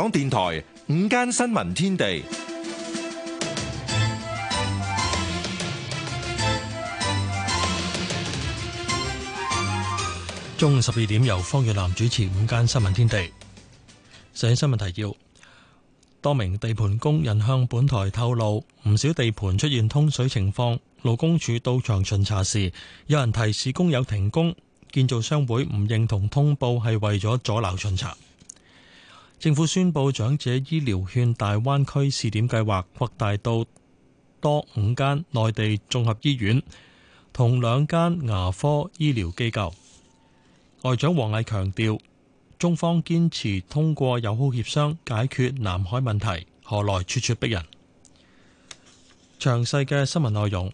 港電台午間新聞天地，中午十二點由方月蘭主持《午間新聞天地》。首先新聞提要：多名地盤工人向本台透露，唔少地盤出現通水情況。勞工處到場巡查時，有人提示工友停工。建造商會唔認同通報，係為咗阻撓巡查。政府宣布，長者醫療券大灣區試點計劃擴大到多五間內地綜合醫院同兩間牙科醫療機構。外長王毅強調，中方堅持通過友好協商解決南海問題，何來咄咄逼人？詳細嘅新聞內容，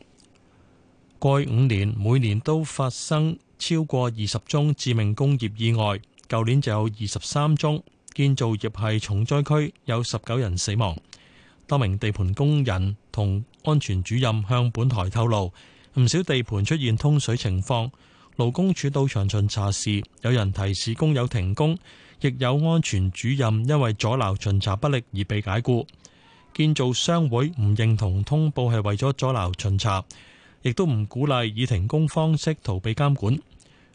過去五年每年都發生超過二十宗致命工業意外，舊年就有二十三宗。建造業係重災區，有十九人死亡。多名地盤工人同安全主任向本台透露，唔少地盤出現通水情況。勞工處到場巡查時，有人提示工友停工，亦有安全主任因為阻撓巡查不力而被解雇。建造商會唔認同通報係為咗阻撓巡查，亦都唔鼓勵以停工方式逃避監管。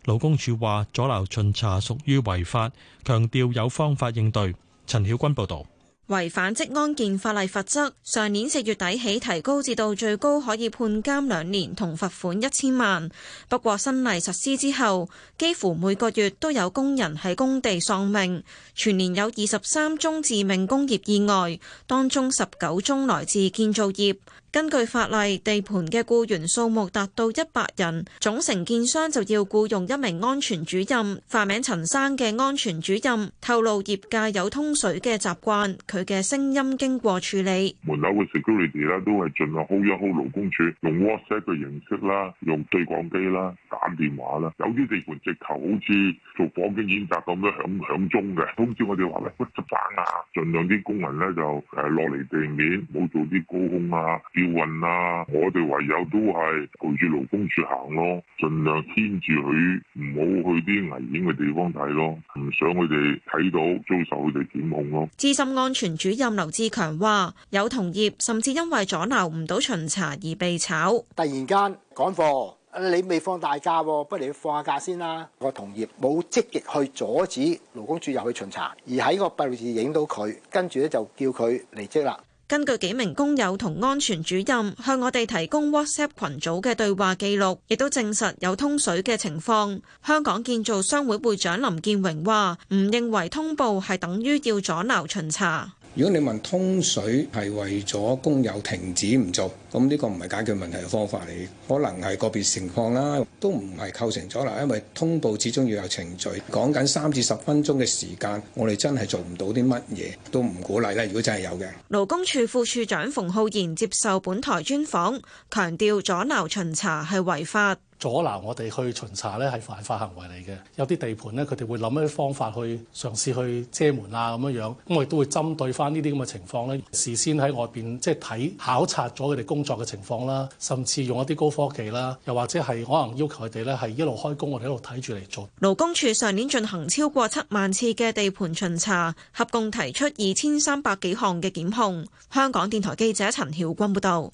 勞工處話阻撓巡查屬於違法，強調有方法應對。陳曉君報道，違反職安健法例罰則，上年四月底起提高至到最高可以判監兩年同罰款一千萬。不過新例實施之後，幾乎每個月都有工人喺工地喪命，全年有二十三宗致命工業意外，當中十九宗來自建造業。根據法例，地盤嘅僱員數目達到一百人，總承建商就要僱用一名安全主任。化名陳生嘅安全主任透露，業界有通水嘅習慣，佢嘅聲音經過處理。門口嘅 security 咧都係盡量 hold 一 hold 勞工處，用 WhatsApp 嘅形式啦，用對講機啦，打電話啦。有啲地盤直頭好似做火警演習咁樣響響鐘嘅通知我哋話，喂，屈執板啊，盡量啲工人咧就誒落嚟地面，冇做啲高空啊。要運啊！我哋唯有都係陪住勞工處行咯，儘量牽住佢，唔好去啲危險嘅地方睇咯，唔想佢哋睇到遭受佢哋檢控咯。資深安全主任劉志強話：有同業甚至因為阻撓唔到巡查而被炒。突然間趕貨，你未放大假喎，不如你放下假先啦。個同業冇積極去阻止勞工處入去巡查，而喺個閉路電視影到佢，跟住咧就叫佢離職啦。根據幾名工友同安全主任向我哋提供 WhatsApp 群組嘅對話記錄，亦都證實有通水嘅情況。香港建造商會會長林建榮話：唔認為通報係等於要阻撓巡查。如果你問通水係為咗工友停止唔做，咁呢個唔係解決問題嘅方法嚟，可能係個別情況啦，都唔係構成咗啦，因為通報始終要有程序，講緊三至十分鐘嘅時間，我哋真係做唔到啲乜嘢，都唔鼓勵咧。如果真係有嘅，勞工處副處長馮浩然接受本台專訪，強調阻撓巡查係違法。阻撓我哋去巡查呢，係犯法行為嚟嘅。有啲地盤呢，佢哋會諗一啲方法去嘗試去遮門啊，咁樣樣，咁我亦都會針對翻呢啲咁嘅情況呢，事先喺外邊即係睇考察咗佢哋工作嘅情況啦，甚至用一啲高科技啦，又或者係可能要求佢哋呢，係一路開工，我哋一路睇住嚟做。勞工處上年進行超過七萬次嘅地盤巡查，合共提出二千三百幾項嘅檢控。香港電台記者陳曉君報道。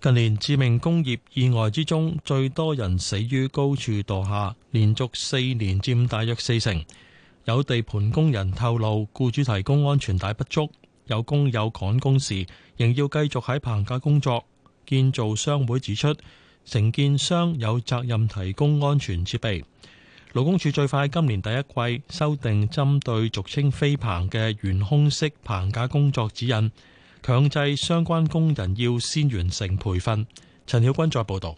近年致命工業意外之中，最多人死於高處墮下，連續四年佔大約四成。有地盤工人透露，僱主提供安全帶不足，有工友趕工時仍要繼續喺棚架工作。建造商會指出，承建商有責任提供安全設備。勞工處最快今年第一季修訂針對俗稱飛棚嘅懸空式棚架工作指引。強制相關工人要先完成培訓。陳曉君再報道。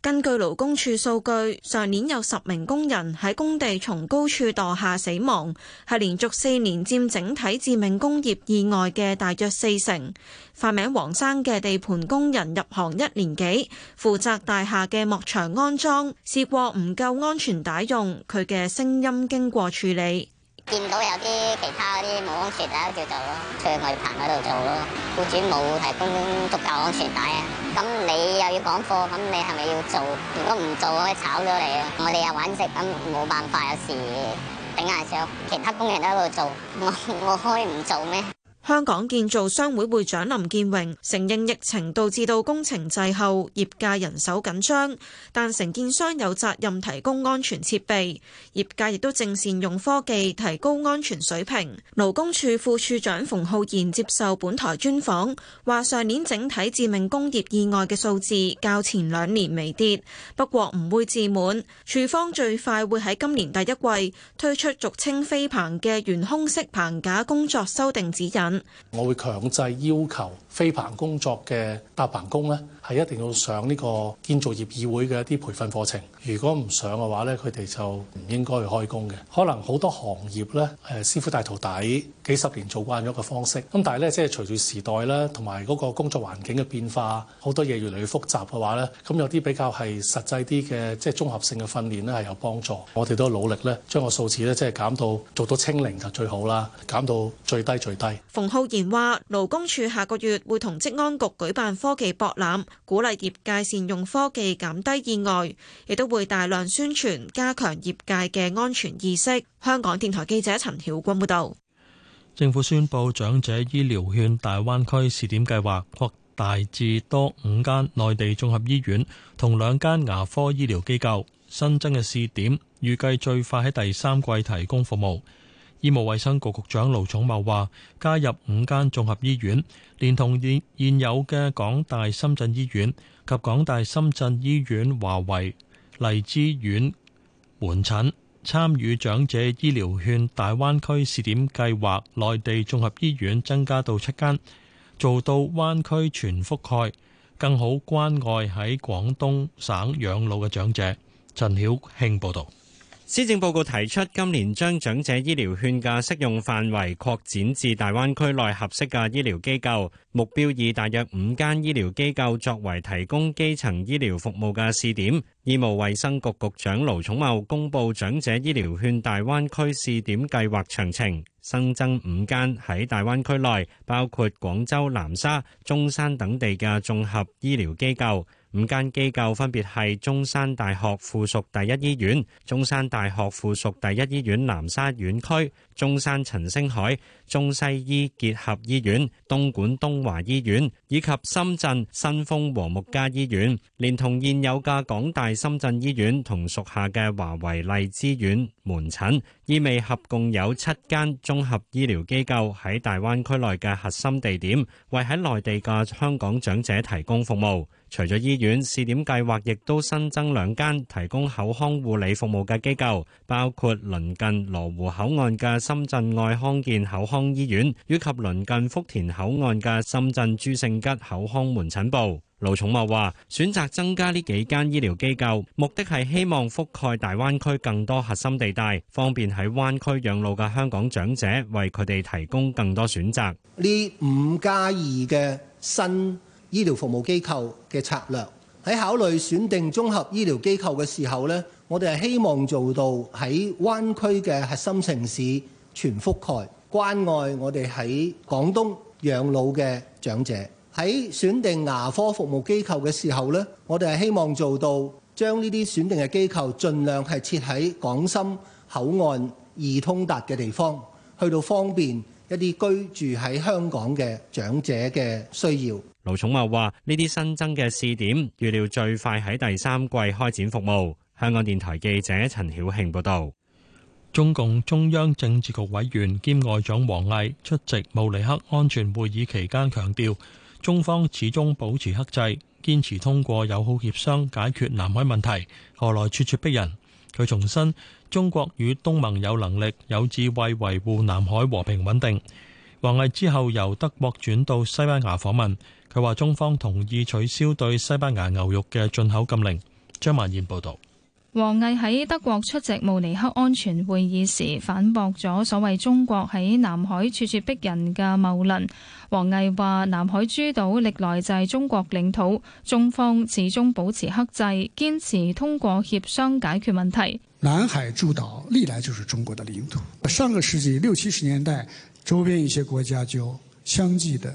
根據勞工處數據，上年有十名工人喺工地從高處墮下死亡，係連續四年佔整體致命工業意外嘅大約四成。化名黃生嘅地盤工人入行一年幾，負責大廈嘅幕牆安裝，試過唔夠安全帶用，佢嘅聲音經過處理。見到有啲其他啲冇安全帶叫做咯，出去外棚嗰度做咯，僱主冇提供足夠安全帶啊！咁你又要講貨，咁你係咪要做？如果唔做，可以炒咗你啊！我哋又揾食，咁冇辦法，有時頂硬上。其他工人都喺度做，我我可以唔做咩？香港建造商會會長林建榮承認疫情導致到工程滯後，業界人手緊張，但承建商有責任提供安全設備，業界亦都正善用科技提高安全水平。勞工處副處長馮浩然接受本台專訪，話上年整體致命工業意外嘅數字較前兩年微跌，不過唔會自滿。處方最快會喺今年第一季推出俗稱飛棚嘅懸空式棚架工作修訂指引。我會強制要求飛棚工作嘅搭棚工咧，係一定要上呢個建造業議會嘅一啲培訓課程。如果唔上嘅話咧，佢哋就唔應該去開工嘅。可能好多行業咧，誒師傅帶徒弟幾十年做慣咗嘅方式。咁但係咧，即係隨住時代啦，同埋嗰個工作環境嘅變化，好多嘢越來越複雜嘅話咧，咁有啲比較係實際啲嘅、即係綜合性嘅訓練咧係有幫助。我哋都努力咧，將個數字咧即係減到做到清零就最好啦，減到最低最低。馮浩然話：勞工處下個月會同職安局舉辦科技博覽。鼓勵業界善用科技減低意外，亦都會大量宣傳加強業界嘅安全意識。香港電台記者陳曉君報道。政府宣布長者醫療券大灣區試點計劃擴大至多五間內地綜合醫院同兩間牙科醫療機構，新增嘅試點預計最快喺第三季提供服務。醫務衛生局局長盧寵茂話：加入五間綜合醫院，連同現現有嘅港大深圳醫院及港大深圳醫院華為荔枝苑門診，參與長者醫療券大灣區試點計劃，內地綜合醫院增加到七間，做到灣區全覆蓋，更好關愛喺廣東省養老嘅長者。陳曉慶報道。施政報告提出今年將長者醫療券嘅適用範圍擴展至大灣區內合適嘅醫療機構目標以大約五間五間機構分別係中山大學附屬第一醫院、中山大學附屬第一醫院南沙院區、中山陳星海中西醫結合醫院、東莞東華醫院以及深圳新豐和睦家醫院，連同現有嘅港大深圳醫院同屬下嘅華為荔枝院門診，意味合共有七間綜合醫療機構喺大灣區內嘅核心地點，為喺內地嘅香港長者提供服務。除咗醫院試點計劃，亦都新增兩間提供口腔護理服務嘅機構，包括鄰近羅湖口岸嘅深圳愛康健口腔醫院，以及鄰近福田口岸嘅深圳朱勝吉口腔門診部。盧寵茂話：選擇增加呢幾間醫療機構，目的係希望覆蓋大灣區更多核心地帶，方便喺灣區養老嘅香港長者，為佢哋提供更多選擇。呢五加二嘅新醫療服務機構嘅策略，喺考慮選定綜合醫療機構嘅時候呢，我哋係希望做到喺灣區嘅核心城市全覆蓋，關愛我哋喺廣東養老嘅長者。喺選定牙科服務機構嘅時候呢，我哋係希望做到將呢啲選定嘅機構盡量係設喺港深口岸易通達嘅地方，去到方便一啲居住喺香港嘅長者嘅需要。盧寵茂話呢啲新增嘅試點,預料最快喺第三季開展服務,香港電台記者陳曉慶報道。佢話中方同意取消對西班牙牛肉嘅進口禁令。張萬燕報導。王毅喺德國出席慕尼黑安全會議時，反駁咗所謂中國喺南海咄咄逼人嘅謬論。王毅話：南海諸島歷來就係中國領土，中方始終保持克制，堅持通過協商解決問題。南海諸島歷來就是中國的領土。上個世紀六七十年代，周邊一些國家就相繼的。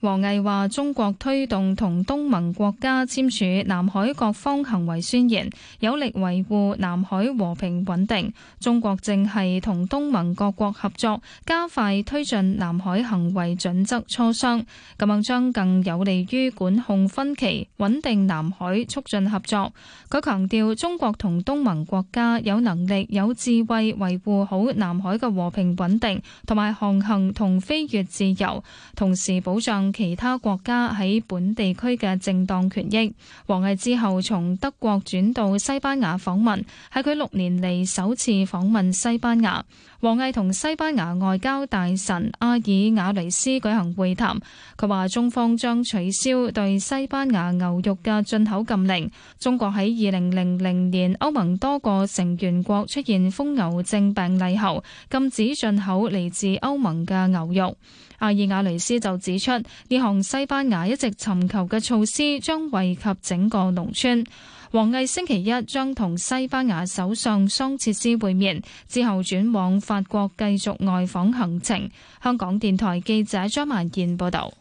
王毅話：中國推動同東盟國家簽署《南海各方行為宣言》，有力維護南海和平穩定。中國正係同東盟各國合作，加快推進南海行為準則磋商，咁樣將更有利於管控分歧，穩定南海，促進合作。佢強調：中國同東盟國家有能力、有智慧維護好南海嘅和平穩定同埋航行同飛越自由，同時是保障其他國家喺本地區嘅正當權益。王毅之後從德國轉到西班牙訪問，係佢六年嚟首次訪問西班牙。王毅同西班牙外交大臣阿爾瓦雷斯舉行會談。佢話：中方將取消對西班牙牛肉嘅進口禁令。中國喺二零零零年歐盟多個成員國出現瘋牛症病例後，禁止進口嚟自歐盟嘅牛肉。阿爾瓦雷斯就指出，呢項西班牙一直尋求嘅措施將惠及整個農村。王毅星期一將同西班牙首相桑切斯會面，之後轉往法國繼續外訪行程。香港電台記者張曼賢報道。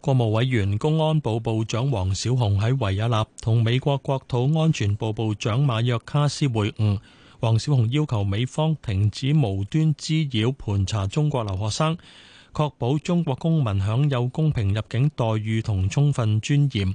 國務委員、公安部部長王小洪喺維也納同美國國土安全部部長馬約卡斯會晤。王小洪要求美方停止無端滋擾、盤查中國留學生。確保中國公民享有公平入境待遇同充分尊嚴，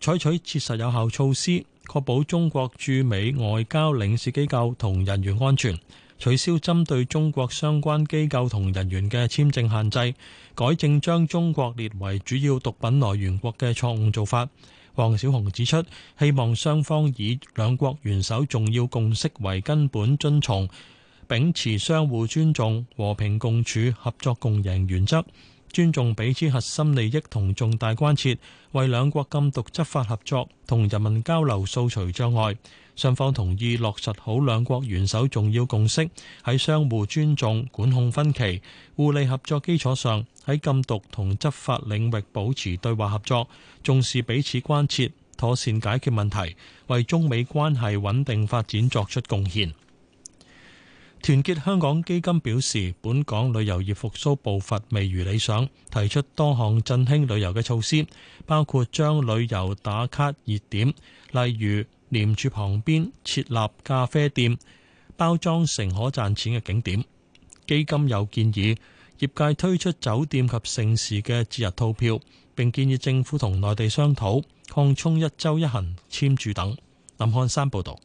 採取切實有效措施，確保中國駐美外交領事機構同人員安全，取消針對中國相關機構同人員嘅簽證限制，改正將中國列為主要毒品來源國嘅錯誤做法。黃小紅指出，希望雙方以兩國元首重要共識為根本遵從。秉持相互尊重、和平共處、合作共贏原則，尊重彼此核心利益同重大關切，為兩國禁毒執法合作同人民交流掃除障礙，雙方同意落實好兩國元首重要共識，喺相互尊重、管控分歧、互利合作基礎上，喺禁毒同執法領域保持對話合作，重視彼此關切，妥善解決問題，為中美關係穩定發展作出貢獻。團結香港基金表示，本港旅遊業復蘇步伐未如理想，提出多項振興旅遊嘅措施，包括將旅遊打卡熱點，例如廉署旁邊設立咖啡店，包裝成可賺錢嘅景點。基金又建議業界推出酒店及盛事嘅節日套票，並建議政府同內地商討擴充一周一行簽注等。林漢山報道。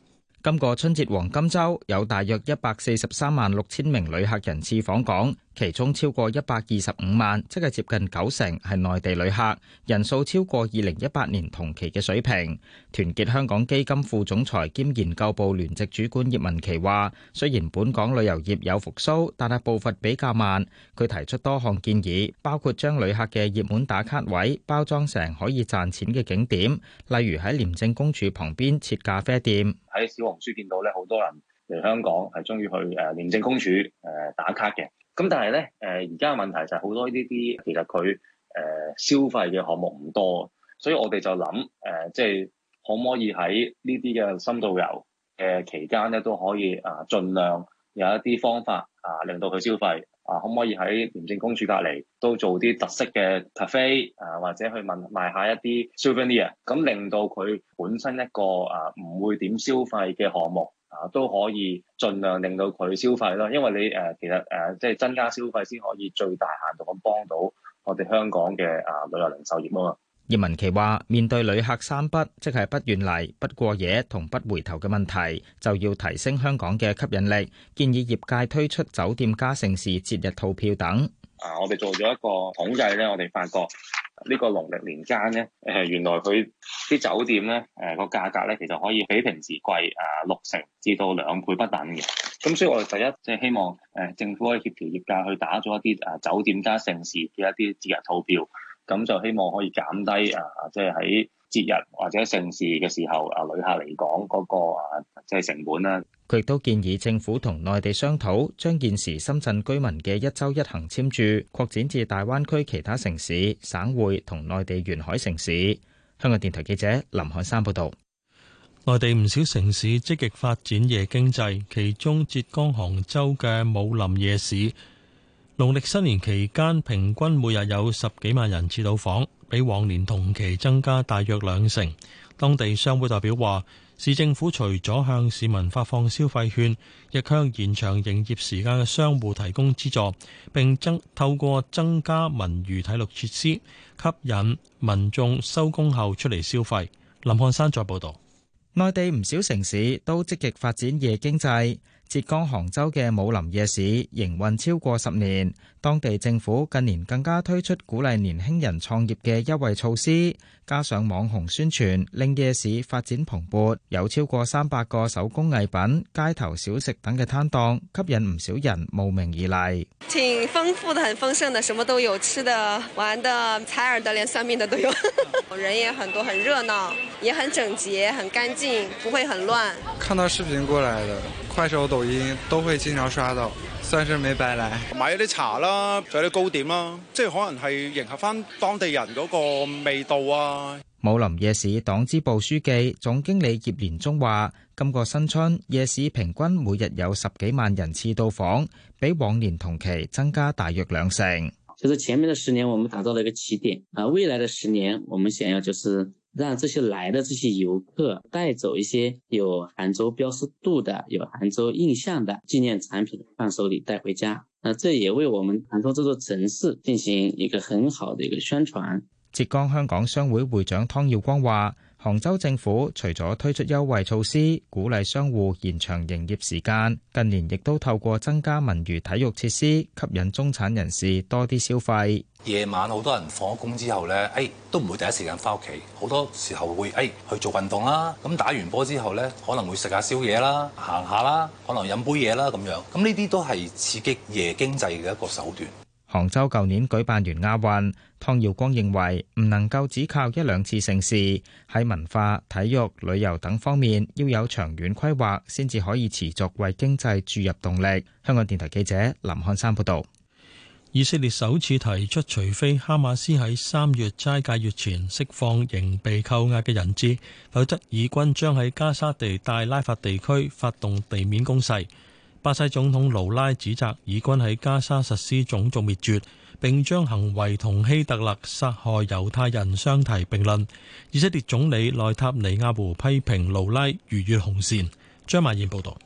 今個春節黃金周有大約一百四十三萬六千名旅客人次訪港。其中超過一百二十五萬，即係接近九成係內地旅客，人數超過二零一八年同期嘅水平。團結香港基金副總裁兼研究部聯席主管葉文琪話，雖然本港旅遊業有復蘇，但係步伐比較慢。佢提出多項建議，包括將旅客嘅熱門打卡位包裝成可以賺錢嘅景點，例如喺廉政公署旁邊設咖啡店。喺小紅書見到咧，好多人嚟香港係中意去誒廉政公署誒打卡嘅。咁但係咧，誒而家嘅問題就係好多呢啲其實佢誒、呃、消費嘅項目唔多，所以我哋就諗誒，即、呃、係、就是、可唔可以喺呢啲嘅深度遊嘅期間咧，都可以啊，儘量有一啲方法啊，令到佢消費啊，可唔可以喺廉政公署隔籬都做啲特色嘅 cafe 啊，或者去賣賣下一啲 souvenir，咁、啊、令到佢本身一個啊唔會點消費嘅項目。啊都可以盡量令到佢消費咯，因為你誒、呃、其實誒、呃、即係增加消費先可以最大限度咁幫到我哋香港嘅啊、呃、旅遊零售業啊嘛。葉文琪話：面對旅客三不，即係不願來、不過夜同不回頭嘅問題，就要提升香港嘅吸引力。建議業界推出酒店加盛事節日套票等。啊，我哋做咗一個統計咧，我哋發覺呢個農曆年間咧，誒原來佢啲酒店咧，誒個價格咧其實可以比平時貴啊六成至到兩倍不等嘅。咁所以我哋第一即係希望誒政府可以協調業界去打咗一啲啊酒店加盛事嘅一啲節日套票。咁就希望可以減低啊，即係喺節日或者盛事嘅時候啊，旅客嚟講嗰個啊，即係成本啦。佢亦都建議政府同內地商討，將現時深圳居民嘅一週一行簽注擴展至大灣區其他城市、省會同內地沿海城市。香港電台記者林海山報導。內地唔少城市積極發展夜經濟，其中浙江杭州嘅武林夜市，農曆新年期間，平均每日有十幾萬人次到訪，比往年同期增加大約兩成。當地商會代表話，市政府除咗向市民發放消費券，亦向延長營業時間嘅商戶提供資助，並增透過增加文娛體育設施，吸引民眾收工後出嚟消費。林漢山再報道，內地唔少城市都積極發展夜經濟。浙江杭州嘅武林夜市營運超過十年，當地政府近年更加推出鼓勵年輕人創業嘅優惠措施，加上網紅宣傳，令夜市發展蓬勃。有超過三百個手工藝品、街頭小食等嘅攤檔，吸引唔少人慕名而嚟。挺豐富的，很豐盛的，什麼都有，吃的、玩的、採耳的，連算命的都有。 人也很多，很熱鬧，也很整潔，很乾淨，不會很亂。看到視頻過來的。快手、抖音都會經常刷到，算是沒白來。買咗啲茶啦，仲有啲糕點啦，即係可能係迎合翻當地人嗰個味道啊。武林夜市黨支部書記、總經理葉連忠話：今個新春夜市平均每日有十幾萬人次到訪，比往年同期增加大約兩成。就是前面的十年，我們打造了一個起點，啊，未來的十年，我們想要就是。讓這些來的這些遊客帶走一些有杭州標識度的，有杭州印象的紀念產品、伴手禮帶回家，那這也為我們杭州這座城市進行一個很好的一個宣傳。浙江香港商會會長湯耀光話：杭州政府除咗推出優惠措施鼓勵商戶延長營業時間，近年亦都透過增加文娛體育設施，吸引中產人士多啲消費。夜晚好多人放咗工之後咧，誒、哎、都唔會第一時間翻屋企，好多時候會誒、哎、去做運動啦，咁打完波之後咧，可能會食下宵夜啦，行下啦，可能飲杯嘢啦咁樣，咁呢啲都係刺激夜經濟嘅一個手段。杭州舊年舉辦完亞運，湯耀光認為唔能夠只靠一兩次盛事，喺文化、體育、旅遊等方面要有長遠規劃，先至可以持續為經濟注入動力。香港電台記者林漢山報道。以色列首次提出，除非哈馬斯喺三月齋戒月前釋放仍被扣押嘅人質，否則以軍將喺加沙地帶拉法地區發動地面攻勢。巴西總統盧拉指責以軍喺加沙實施種族滅絕，並將行為同希特勒殺害猶太人相提並論。以色列總理內塔尼亞胡批評盧拉逾越紅線。張曼燕報道。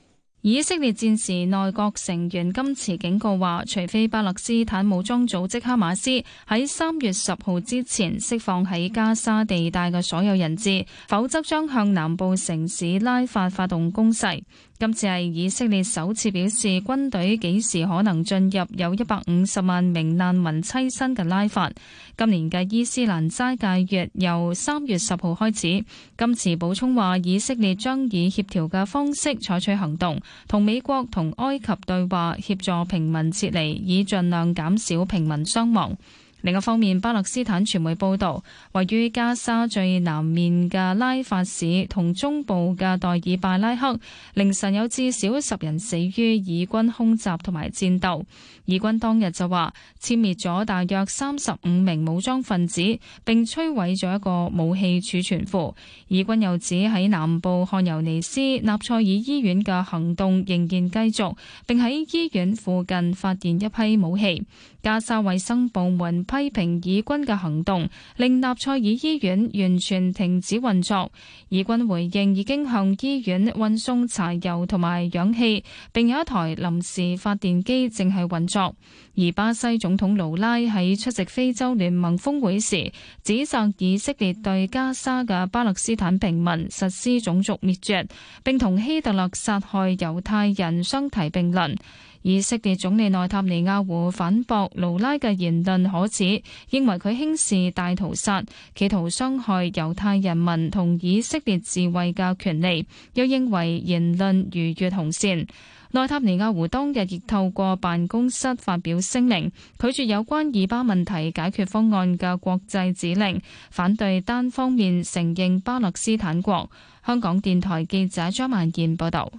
以色列戰時內閣成員今次警告話，除非巴勒斯坦武裝組織哈馬斯喺三月十號之前釋放喺加沙地帶嘅所有人質，否則將向南部城市拉法發動攻勢。今次係以色列首次表示軍隊幾時可能進入有一百五十萬名難民棲身嘅拉法。今年嘅伊斯蘭齋戒月由三月十號開始。今次補充話，以色列將以協調嘅方式採取行動，同美國同埃及對話，協助平民撤離，以盡量減少平民傷亡。另一方面，巴勒斯坦傳媒報道，位於加沙最南面嘅拉法市同中部嘅代爾拜拉克，凌晨有至少十人死於以軍空襲同埋戰鬥。以軍當日就話殲滅咗大約三十五名武裝分子，並摧毀咗一個武器儲存庫。以軍又指喺南部漢尤尼斯納賽爾醫院嘅行動仍然繼續，並喺醫院附近發現一批武器。加沙衛生部門批評以軍嘅行動，令納賽爾醫院完全停止運作。以軍回應已經向醫院運送柴油同埋氧氣，並有一台臨時發電機正係運作。而巴西總統盧拉喺出席非洲聯盟峰會時，指責以色列對加沙嘅巴勒斯坦平民實施種族滅絕，並同希特勒殺害猶太人相提並論。以色列總理內塔尼亞胡反駁盧拉嘅言論可恥，認為佢輕視大屠殺，企圖傷害猶太人民同以色列自衛嘅權利，又認為言論逾越紅線。內塔尼亞胡當日亦透過辦公室發表聲明，拒絕有關以巴問題解決方案嘅國際指令，反對單方面承認巴勒斯坦國。香港電台記者張萬燕報道。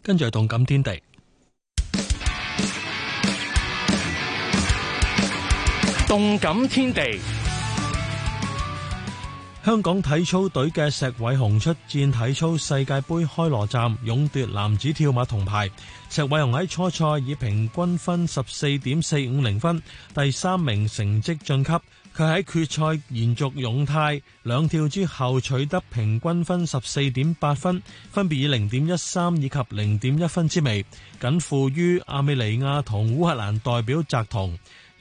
跟住係動感天地。動感天地，香港體操隊嘅石偉雄出戰體操世界杯開羅站，勇奪男子跳馬銅牌。石偉雄喺初賽以平均分十四點四五零分，第三名成績晉級，佢喺決賽延續勇態，兩跳之後取得平均分十四點八分，分別以零點一三以及零點一分之微，僅負於阿美尼亞同烏克蘭代表摘銅。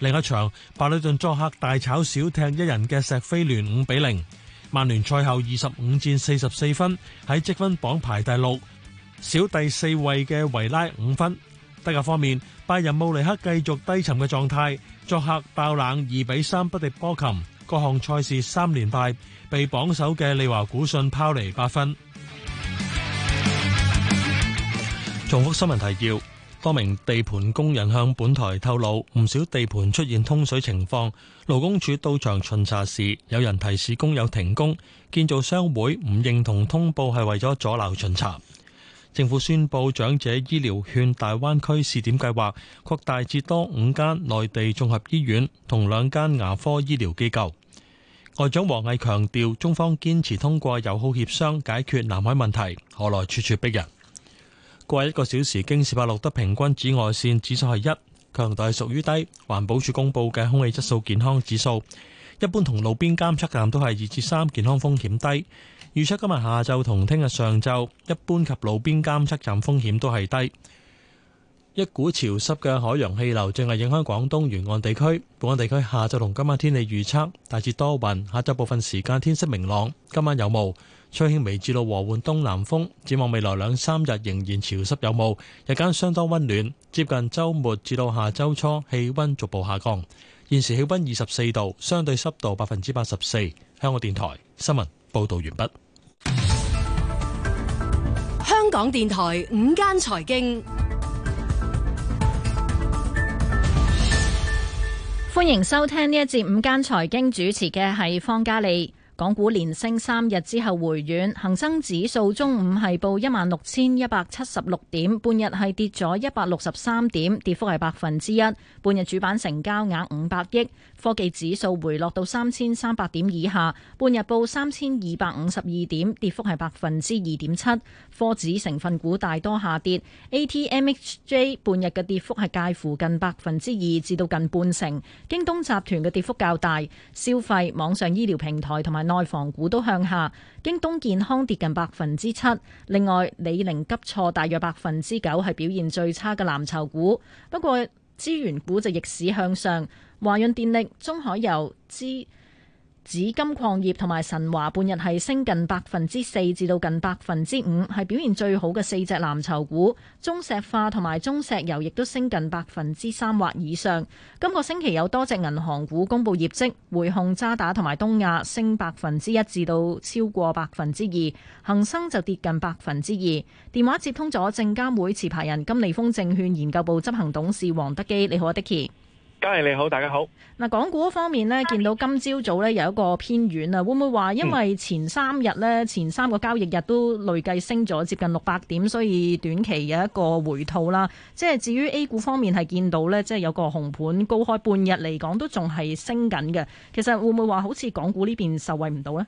另一場，巴里頓作客大炒小踢，一人嘅石飛聯五比零。曼聯賽後二十五戰四十四分，喺積分榜排第六，少第四位嘅維拉五分。德甲方面，拜仁慕尼黑繼續低沉嘅狀態，作客爆冷二比三不敵波琴，各項賽事三連敗，被榜首嘅利華古遜拋離八分。重複新聞提要。多名地盤工人向本台透露，唔少地盤出現通水情況，勞工處到場巡查時，有人提示工友停工，建造商會唔認同，通報係為咗阻撓巡查。政府宣布長者醫療券大灣區試點計劃，擴大至多五間內地綜合醫院，同兩間牙科醫療機構。外長王毅強調，中方堅持通過友好協商解決南海問題，何來咄咄逼人？過一個小時，京士柏錄得平均紫外線指數係一，強度係屬於低。環保署公佈嘅空氣質素健康指數，一般同路邊監測站都係二至三，健康風險低。預測今日下晝同聽日上晝，一般及路邊監測站風險都係低。一股潮濕嘅海洋氣流正係影響廣東沿岸地區。本港地區下晝同今晚天氣預測大致多雲，下晝部分時間天色明朗，今晚有霧。吹輕微至到和緩東南風，展望未來兩三日仍然潮濕有霧，日間相當溫暖。接近周末至到下周初，氣溫逐步下降。現時氣溫二十四度，相對濕度百分之八十四。香港電台新聞報道完畢。香港電台午間財經，歡迎收聽呢一節午間財經，主持嘅係方嘉莉。港股連升三日之後回軟，恒生指數中午係報一萬六千一百七十六點，半日係跌咗一百六十三點，跌幅係百分之一。半日主板成交額五百億，科技指數回落到三千三百點以下，半日報三千二百五十二點，跌幅係百分之二點七。科指成分股大多下跌，ATMHJ 半日嘅跌幅係介乎近百分之二至到近半成。京東集團嘅跌幅較大，消費、網上醫療平台同埋。內房股都向下，京東健康跌近百分之七。另外，李寧急挫大約百分之九，係表現最差嘅藍籌股。不過，資源股就逆市向上，華潤電力、中海油、資。紫金礦業同埋神華半日係升近百分之四至到近百分之五，係表現最好嘅四隻藍籌股。中石化同埋中石油亦都升近百分之三或以上。今個星期有多隻銀行股公布業績，匯控、渣打同埋東亞升百分之一至到超過百分之二，恒生就跌近百分之二。電話接通咗證監會持牌人金利豐證券研究部執行董事黃德基，你好啊，Dickie。嘉麗你好，大家好。嗱，港股方面呢，見到今朝早呢有一個偏軟啊，會唔會話因為前三日呢，嗯、前三個交易日都累計升咗接近六百點，所以短期有一個回吐啦。即係至於 A 股方面係見到呢，即係有個紅盤高開，半日嚟講都仲係升緊嘅。其實會唔會話好似港股呢邊受惠唔到呢？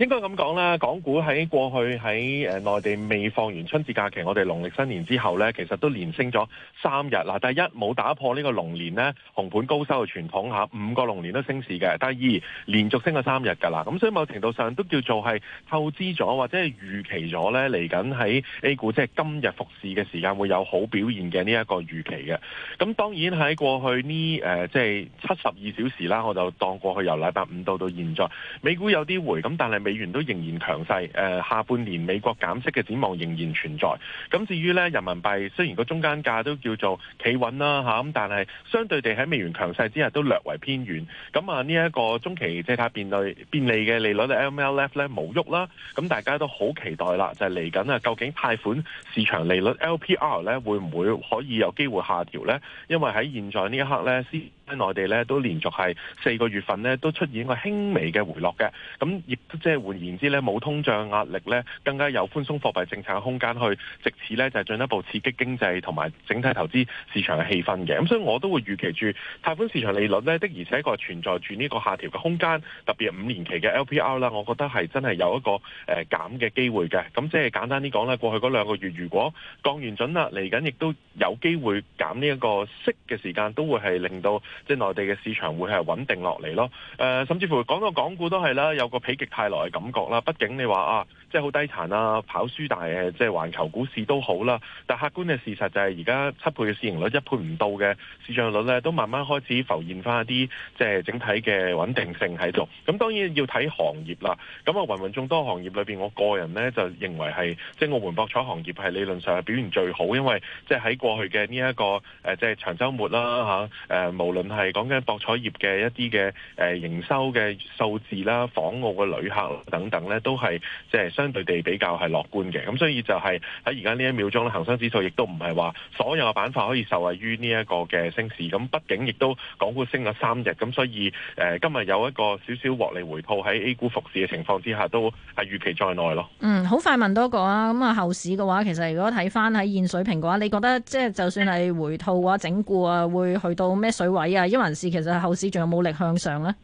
應該咁講啦，港股喺過去喺誒內地未放完春節假期，我哋農曆新年之後呢，其實都連升咗三日。嗱，第一冇打破呢個龍年呢紅盤高收嘅傳統嚇，五個龍年都升市嘅。第二連續升咗三日㗎啦，咁所以某程度上都叫做係透支咗或者係預期咗呢。嚟緊喺 A 股即係、就是、今日復市嘅時間會有好表現嘅呢一個預期嘅。咁當然喺過去呢誒即係七十二小時啦，我就當過去由禮拜五到到現在，美股有啲回咁，但係未。美元都仍然強勢，誒、呃、下半年美國減息嘅展望仍然存在。咁至於咧人民幣，雖然個中間價都叫做企穩啦嚇，咁但係相對地喺美元強勢之下都略為偏軟。咁、嗯、啊呢一、這個中期借貸便利便利嘅利率咧 MLF 咧冇喐啦，咁、嗯、大家都好期待啦，就係嚟緊啊，究竟貸款市場利率 LPR 咧會唔會可以有機會下調咧？因為喺現在呢一刻咧喺內地咧都連續係四個月份咧都出現一個輕微嘅回落嘅，咁亦即係換言之咧冇通脹壓力咧，更加有寬鬆貨幣政策嘅空間去，藉此咧就係、進一步刺激經濟同埋整體投資市場嘅氣氛嘅。咁所以我都會預期住貸款市場利率咧的而且確存在住呢個下調嘅空間，特別係五年期嘅 LPR 啦，我覺得係真係有一個誒、呃、減嘅機會嘅。咁即係簡單啲講咧，過去嗰兩個月如果降完準啦，嚟緊亦都有機會減呢一個息嘅時間，都會係令到。即係內地嘅市場會係穩定落嚟咯，誒，甚至乎講到港股都係啦，有個否極泰來嘅感覺啦。畢竟你話啊，即係好低殘啊，跑輸大誒，即係環球股市都好啦。但客觀嘅事實就係而家七倍嘅市盈率、一倍唔到嘅市賬率咧，都慢慢開始浮現返一啲，即係整體嘅穩定性喺度。咁當然要睇行業啦。咁啊，芸芸眾多行業裏邊，我個人咧就認為係即係澳門博彩行業係理論上係表現最好，因為即係喺過去嘅呢一個誒，即係長週末啦嚇誒，無論。係講緊博彩業嘅一啲嘅誒營收嘅數字啦，訪澳嘅旅客等等咧，都係即係相對地比較係樂觀嘅。咁所以就係喺而家呢一秒鐘咧，恒生指數亦都唔係話所有嘅板塊可以受惠於呢一個嘅升市。咁畢竟亦都港股升咗三日，咁所以誒今日有一個少少獲利回吐喺 A 股復市嘅情況之下，都係預期在內咯嗯。嗯，好快問多個啊。咁啊，後市嘅話，其實如果睇返喺現水平嘅話，你覺得即係就算係回吐啊、整固啊，會去到咩水位啊？但一環市其實後市仲有冇力向上咧？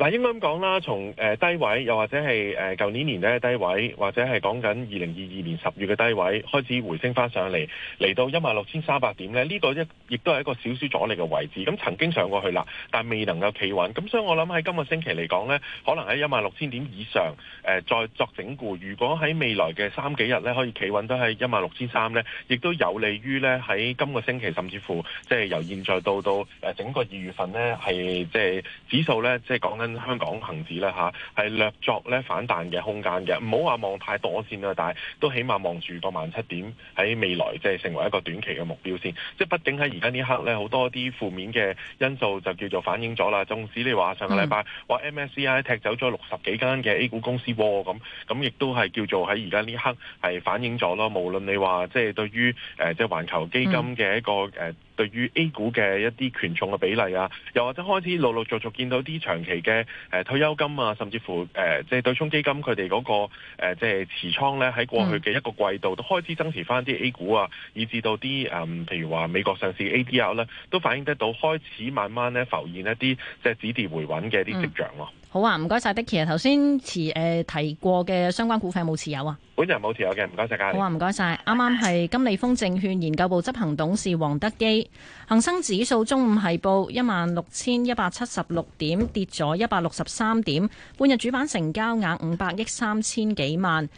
嗱，應該咁講啦，從誒低位，又或者係誒舊年年底低位，或者係講緊二零二二年十月嘅低位開始回升翻上嚟，嚟到一萬六千三百點咧，呢個一亦都係一個少少阻力嘅位置。咁曾經上過去啦，但未能夠企穩。咁所以我諗喺今個星期嚟講咧，可能喺一萬六千點以上誒再作整固。如果喺未來嘅三幾日咧可以企穩都係一萬六千三咧，亦都有利於咧喺今個星期，甚至乎即係由現在到到誒整個二月份咧，係即係指數咧，即係講緊。香港恒指啦吓，係略作咧反彈嘅空間嘅，唔好話望太多先啦。但係都起碼望住個萬七點喺未來即係成為一個短期嘅目標先。即係畢竟喺而家呢刻咧，好多啲負面嘅因素就叫做反映咗啦。縱使你話上個禮拜話 MSCI 踢走咗六十幾間嘅 A 股公司喎，咁咁亦都係叫做喺而家呢刻係反映咗咯。無論你話即係對於誒即係環球基金嘅一個誒。嗯對於 A 股嘅一啲權重嘅比例啊，又或者開始陸陸續續見到啲長期嘅誒退休金啊，甚至乎誒即係對沖基金佢哋嗰個即係、呃即係、持倉咧，喺過去嘅一個季度都開始增持翻啲 A 股啊，以至到啲誒譬如話美國上市 ADR 咧，都反映得到開始慢慢咧浮現一啲即係止跌回穩嘅啲跡象咯。嗯好啊，唔該晒，Dicky 啊，頭先持誒提過嘅相關股份有冇持有啊？本人冇持有嘅，唔該晒。好啊，唔該晒。啱啱係金利豐證券研究部執行董事黃德基。恒生指數中午係報一萬六千一百七十六點，跌咗一百六十三點。半日主板成交額五百億三千幾萬。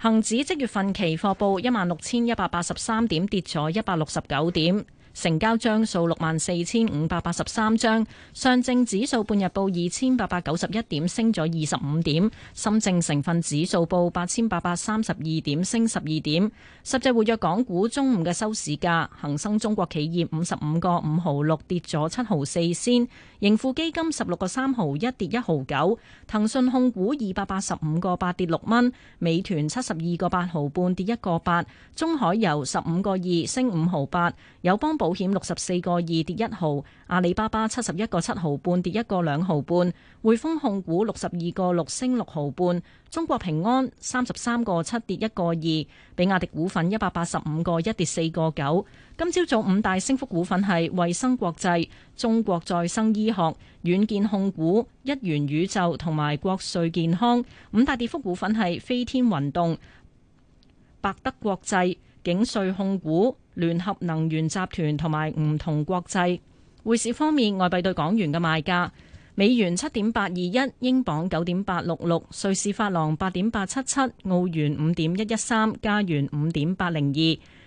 恒指即月份期貨報一萬六千一百八十三點，跌咗一百六十九點。成交張數六萬四千五百八十三張，上證指數半日報二千八百九十一點，升咗二十五點；深證成分指數報八千八百三十二點，升十二點。十隻活躍港股中午嘅收市價，恒生中國企業五十五個五毫六跌咗七毫四先，盈富基金十六個三毫一跌一毫九，9, 騰訊控股二百八十五個八跌六蚊，美團七十二個八毫半跌一個八，8, 中海油十五個二升五毫八，友邦保。保險六十四個二跌一毫，阿里巴巴七十一個七毫半跌一個兩毫半，匯豐控股六十二個六升六毫半，中國平安三十三個七跌一個二，比亞迪股份一百八十五個一跌四個九。今朝早五大升幅股份係衛生國際、中國再生醫學、軟件控股、一元宇宙同埋國瑞健康。五大跌幅股份係飛天運動、百德國際、景瑞控股。聯合能源集團同埋梧桐國際。匯市方面，外幣對港元嘅賣價：美元七點八二一，英鎊九點八六六，瑞士法郎八點八七七，澳元五點一一三，加元五點八零二，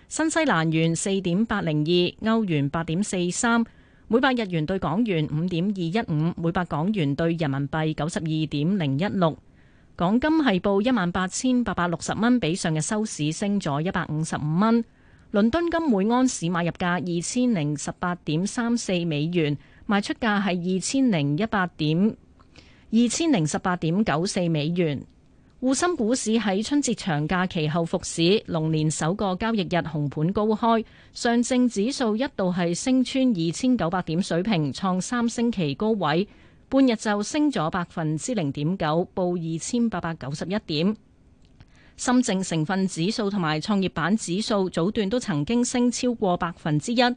新西蘭元四點八零二，歐元八點四三，每百日元對港元五點二一五，每百港元對人民幣九十二點零一六。港金係報一萬八千八百六十蚊，比上日收市升咗一百五十五蚊。倫敦金每安士買入價二千零十八點三四美元，賣出價係二千零一百點、二千零十八點九四美元。滬深股市喺春節長假期後復市，龍年首個交易日紅盤高開，上證指數一度係升穿二千九百點水平，創三星期高位，半日就升咗百分之零點九，報二千八百九十一點。深證成分指數同埋創業板指數早段都曾經升超過百分之一，創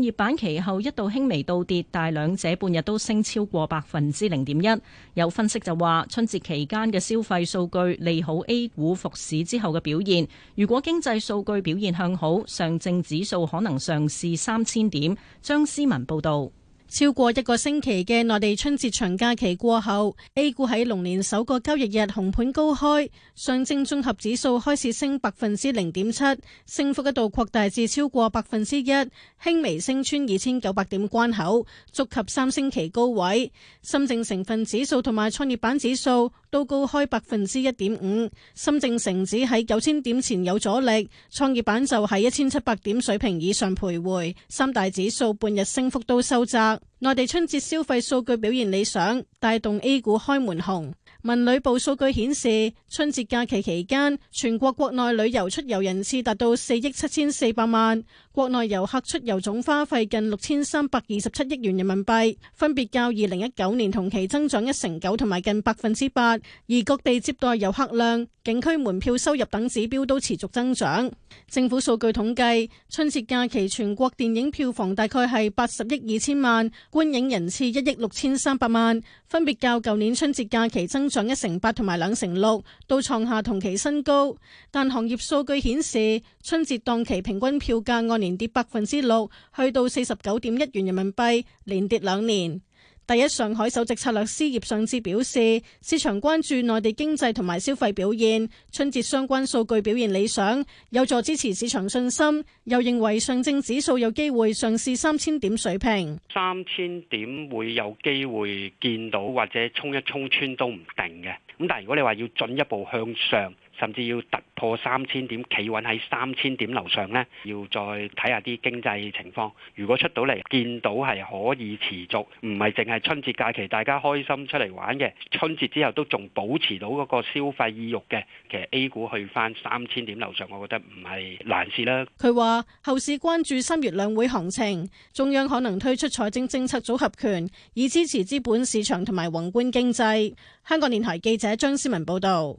業板其後一度輕微倒跌，但兩者半日都升超過百分之零點一。有分析就話，春節期間嘅消費數據利好 A 股復市之後嘅表現，如果經濟數據表現向好，上證指數可能上試三千點。張思文報道。超過一個星期嘅內地春節長假期過後，A 股喺龍年首個交易日紅盤高開，上證綜合指數開始升百分之零點七，升幅一度擴大至超過百分之一，輕微升穿二千九百點關口，觸及三星期高位。深證成分指數同埋創業板指數，都高開百分之一點五，深證成指喺九千點前有阻力，創業板就喺一千七百點水平以上徘徊。三大指數半日升幅都收窄。內地春節消費數據表現理想，帶動 A 股開門紅。文旅部數據顯示，春節假期期間，全國國內旅遊出遊人次達到四億七千四百萬。國內遊客出遊總花費近六千三百二十七億元人民幣，分別較二零一九年同期增長一成九同埋近百分之八，而各地接待遊客量、景區門票收入等指標都持續增長。政府數據統計，春節假期全國電影票房大概係八十億二千萬，觀影人次一億六千三百萬，分別較舊年春節假期增長一成八同埋兩成六，都創下同期新高。但行業數據顯示，春節檔期平均票價按年連跌百分之六，去到四十九點一元人民幣，連跌兩年。第一上海首席策略師葉尚志表示，市場關注內地經濟同埋消費表現，春節相關數據表現理想，有助支持市場信心。又認為上證指數有機會上市三千點水平，三千點會有機會見到或者沖一沖穿都唔定嘅。咁但係如果你話要進一步向上，甚至要突破三千點企穩喺三千點樓上咧，要再睇下啲經濟情況，如果出到嚟見到係可以持續，唔係淨係春節假期大家開心出嚟玩嘅，春節之後都仲保持到嗰個消費意欲嘅，其實 A 股去翻三千點樓上，我覺得唔係難事啦。佢話後市關注三月兩會行情，中央可能推出財政政策組合拳以支持資本市場同埋宏觀經濟。香港電台記者，張思文報道。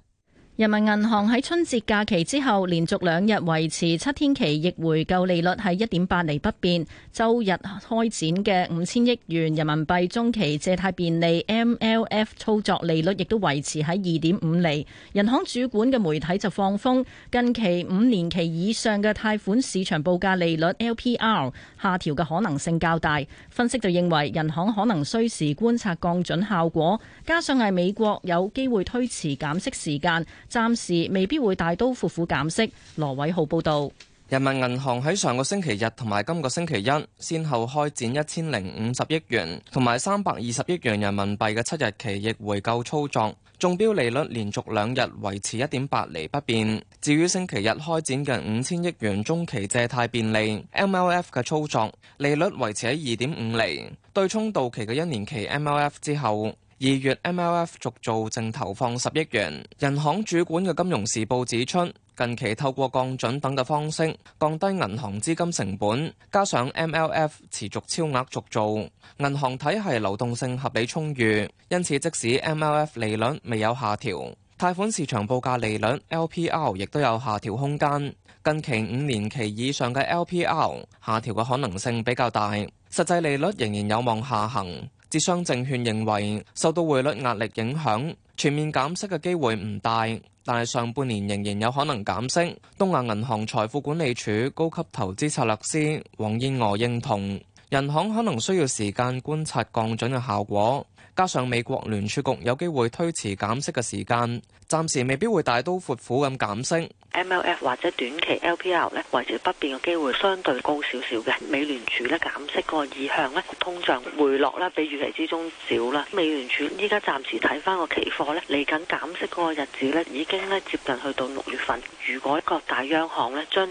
人民銀行喺春節假期之後連續兩日維持七天期逆回購利率係一點八厘不變，周日開展嘅五千億元人民幣中期借貸便利 （MLF） 操作利率亦都維持喺二點五厘，人行主管嘅媒體就放風近期五年期以上嘅貸款市場報價利率 （LPR） 下調嘅可能性較大。分析就認為人行可能需時觀察降準效果，加上係美國有機會推遲減息時間。暫時未必會大刀闊斧減息。羅偉浩報導，人民銀行喺上個星期日同埋今個星期一，先後開展一千零五十億元同埋三百二十億元人民幣嘅七日期逆回購操作，中標利率連續兩日維持一點八厘不變。至於星期日開展嘅五千億元中期借貸便利 （MLF） 嘅操作，利率維持喺二點五厘。對沖到期嘅一年期 MLF 之後。二月 MLF 續做淨投放十億元，人行主管嘅《金融時報》指出，近期透過降準等嘅方式降低銀行資金成本，加上 MLF 持續超額續做，銀行體系流動性合理充裕，因此即使 MLF 利率未有下調，貸款市場報價利率 LPR 亦都有下調空間，近期五年期以上嘅 LPR 下調嘅可能性比較大，實際利率仍然有望下行。浙商證券認為，受到匯率壓力影響，全面減息嘅機會唔大，但係上半年仍然有可能減息。東亞銀行財富管理處高級投資策略師黃燕娥認同，人行可能需要時間觀察降準嘅效果，加上美國聯儲局有機會推遲減息嘅時間，暫時未必會大刀闊斧咁減息。MLF 或者短期 LPR 咧維持不變嘅機會相對高少少嘅，美聯儲咧減息嗰個意向咧，通脹回落咧比預期之中少啦。美聯儲依家暫時睇返個期貨咧，嚟緊減息嗰個日子咧已經咧接近去到六月份。如果各大央行咧將